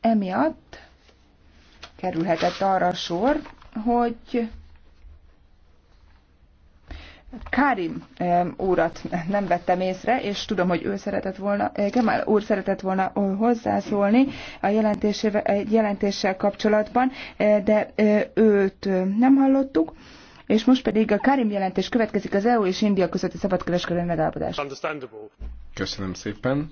emiatt kerülhetett arra sor, hogy Karim úrat nem vettem észre, és tudom, hogy ő szeretett volna, Kemal úr szeretett volna hozzászólni a jelentéssel kapcsolatban, de őt nem hallottuk. És most pedig a Karim jelentés következik az EU és India közötti szabadkereskedelmi megállapodás. Köszönöm szépen.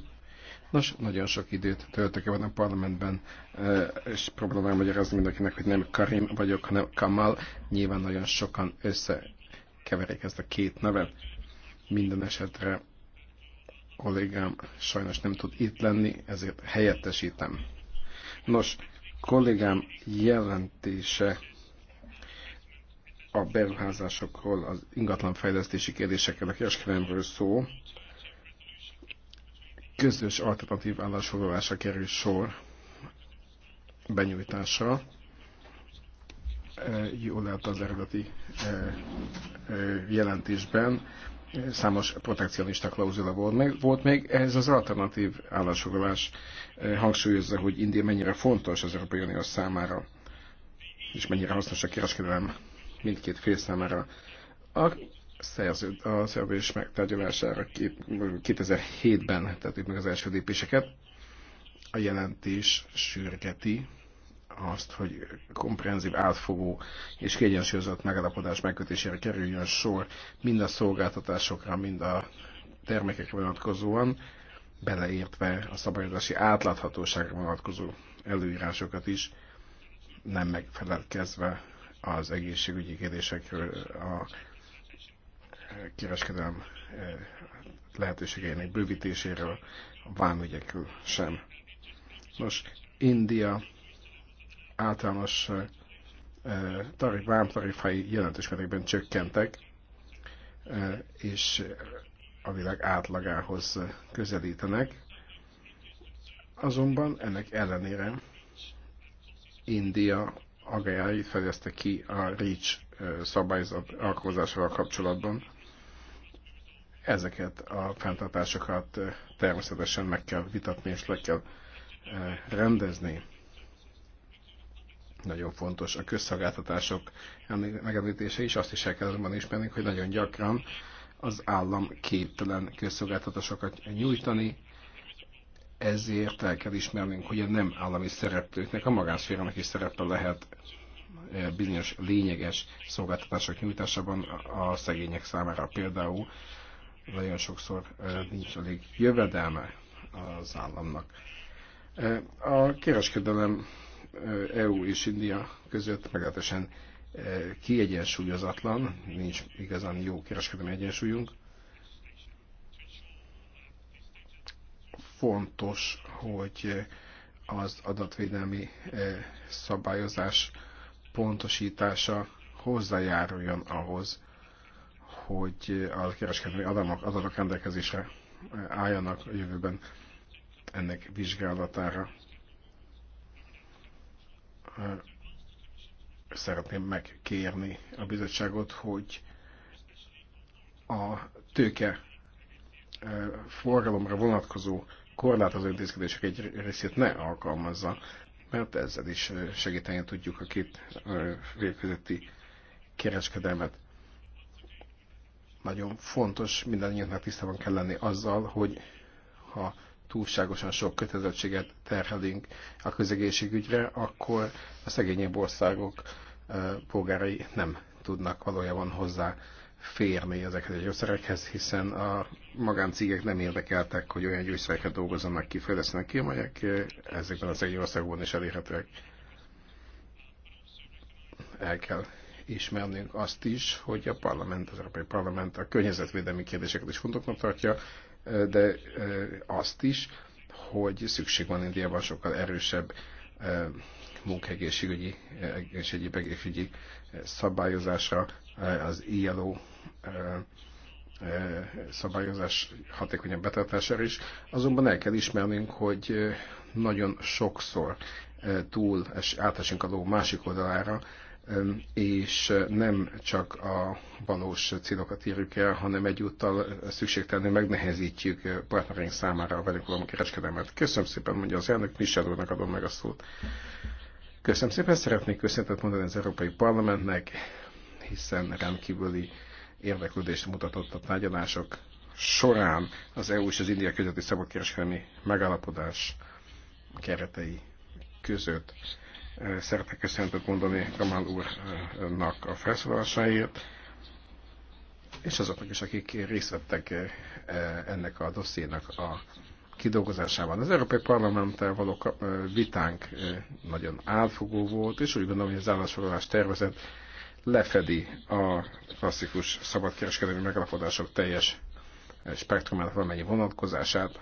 Nos, nagyon sok időt töltök ebben a parlamentben, eh, és próbálom elmagyarázni mindenkinek, hogy nem Karim vagyok, hanem Kamal. Nyilván nagyon sokan összekeverik ezt a két nevet. Minden esetre kollégám sajnos nem tud itt lenni, ezért helyettesítem. Nos, kollégám jelentése a beruházásokról, az ingatlanfejlesztési kérdésekkel, a kereskedelemről szó, közös alternatív állásfoglalásra kerül sor benyújtásra. Eh, jól lehet az eredeti eh, eh, jelentésben számos protekcionista klauzula volt még, volt még. Ehhez az alternatív állásfoglalás hangsúlyozza, hogy India mennyire fontos az Európai Unió számára, és mennyire hasznos a kereskedelem mindkét fél számára. A szerződ, a szerződés megtárgyalására 2007-ben tettük meg az első lépéseket. A jelentés sürgeti azt, hogy komprehenzív, átfogó és kiegyensúlyozott megalapodás megkötésére kerüljön sor mind a szolgáltatásokra, mind a termékekre vonatkozóan, beleértve a szabályozási átláthatóságra vonatkozó előírásokat is, nem megfelelkezve az egészségügyi kérdésekről, a kereskedelem eh, lehetőségeinek bővítéséről, a vámügyekről sem. Nos, India általános eh, vámtarifai jelentős mértékben csökkentek, eh, és a világ átlagához közelítenek. Azonban ennek ellenére India agályait fejezte ki a REACH szabályzat alkalmazásával kapcsolatban. Ezeket a fenntartásokat eh, természetesen meg kell vitatni és le kell eh, rendezni. Nagyon fontos a közszolgáltatások megemlítése is. Azt is el kell azonban ismerni, hogy nagyon gyakran az állam képtelen közszolgáltatásokat nyújtani, ezért el kell ismernünk, hogy a nem állami szereplőknek, a magánszférának is szerepe lehet eh, bizonyos lényeges szolgáltatások nyújtásában a szegények számára például nagyon sokszor nincs elég jövedelme az államnak. A kereskedelem EU és India között meglehetősen kiegyensúlyozatlan, nincs igazán jó kereskedelmi egyensúlyunk. Fontos, hogy az adatvédelmi szabályozás pontosítása hozzájáruljon ahhoz, hogy a kereskedelmi adamok, adatok rendelkezésre eh, álljanak a jövőben ennek vizsgálatára. Eh, szeretném megkérni a bizottságot, hogy a tőke eh, forgalomra vonatkozó korlátozó intézkedések egy részét ne alkalmazza, mert ezzel is segíteni tudjuk a két fél közötti kereskedelmet nagyon fontos, mindannyiunknak tisztában kell lenni azzal, hogy ha túlságosan sok kötelezettséget terhelünk a közegészségügyre, akkor a szegényebb országok polgárai nem tudnak valójában hozzá férni ezekhez. a gyógyszerekhez, hiszen a magáncégek nem érdekeltek, hogy olyan gyógyszereket dolgozzanak ki, fejlesztenek ki, amelyek ezekben az egy országban is elérhetőek. El kell ismernünk azt is, hogy a parlament, az Európai Parlament a környezetvédelmi kérdéseket is fontosnak tartja, de azt is, hogy szükség van Indiában sokkal erősebb munkaegészségügyi és egyéb egészségügyi szabályozásra az ILO szabályozás hatékonyabb betartására is. Azonban el kell ismernünk, hogy nagyon sokszor túl és átesünk a ló másik oldalára, és nem csak a valós célokat írjuk el, hanem egyúttal szükségtelenül megnehezítjük partnereink számára a velünk való kereskedelmet. Köszönöm szépen, mondja az elnök, Michel úrnak adom meg a szót. Köszönöm szépen, szeretnék köszönetet mondani az Európai Parlamentnek, hiszen rendkívüli érdeklődést mutatott a tárgyalások során az EU és az India közötti szabadkereskedelmi megállapodás keretei között. Szeretnék köszönetet mondani Kamal úrnak a felszólalásáért, és azoknak is, akik részt vettek ennek a dossziénak a kidolgozásában. Az Európai Parlamenttel való vitánk nagyon átfogó volt, és úgy gondolom, hogy az állásfoglalás tervezet lefedi a klasszikus szabadkereskedelmi megalapodások teljes spektrumát valamennyi vonatkozását.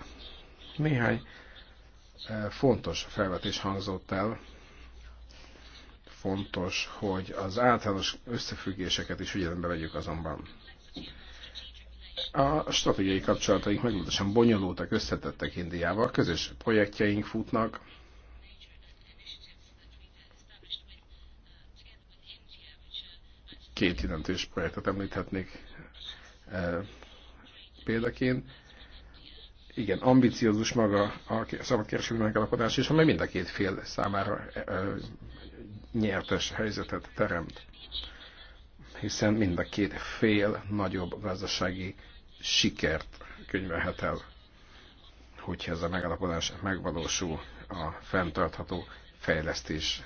Néhány fontos felvetés hangzott el, fontos, hogy az általános összefüggéseket is figyelembe vegyük azonban. A stratégiai kapcsolataink meglehetősen bonyolultak, összetettek Indiával, közös projektjeink futnak, két jelentős projektet említhetnék eh, példaként igen, ambiciózus maga a szabadkereskedelmi megalapodás, és amely mind a két fél számára nyertes helyzetet teremt, hiszen mind a két fél nagyobb gazdasági sikert könyvelhet el, hogyha ez a megalapodás megvalósul a fenntartható fejlesztés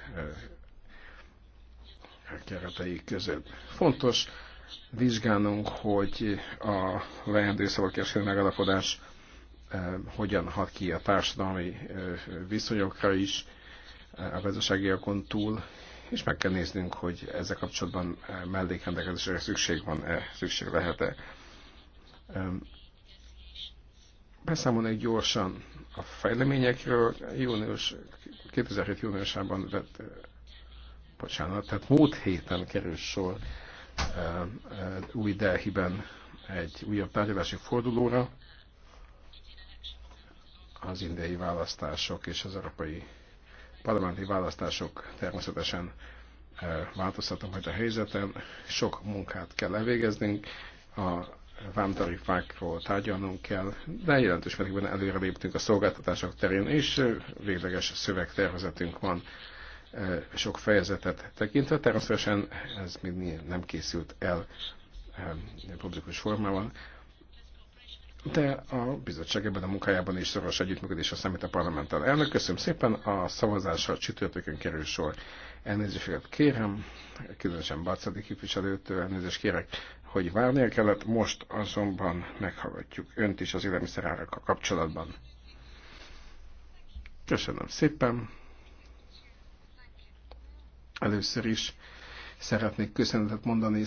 keretei között. Fontos vizsgálnunk, hogy a leendő szabadkereskedelmi megalapodás Eh, hogyan hat ki a társadalmi eh, viszonyokra is, eh, a gazdaságiakon túl, és meg kell néznünk, hogy ezzel kapcsolatban mellékrendelkezésre szükség van-e, szükség lehet-e. egy gyorsan a fejleményekről. Június, 2007 júniusában vett, bocsánat, tehát múlt héten került sor új Delhiben egy újabb tárgyalási fordulóra, az indiai választások és az európai parlamenti választások természetesen eh, változtatnak majd a helyzeten. Sok munkát kell elvégeznünk, a vámtarifákról tárgyalnunk kell, de jelentős mértékben léptünk a szolgáltatások terén, és eh, végleges szövegtervezetünk van eh, sok fejezetet tekintve. Természetesen ez még nem készült el publikus formában de a bizottság ebben a munkájában is szoros együttműködésre számít a parlamenttel. Elnök, köszönöm szépen, a szavazásra csütörtökön kerül sor. Elnézést kérem, különösen Bácsadi képviselőtől elnézést kérek, hogy várnia kellett, most azonban meghallgatjuk önt is az élelmiszerárakkal kapcsolatban. Köszönöm szépen. Először is szeretnék köszönetet mondani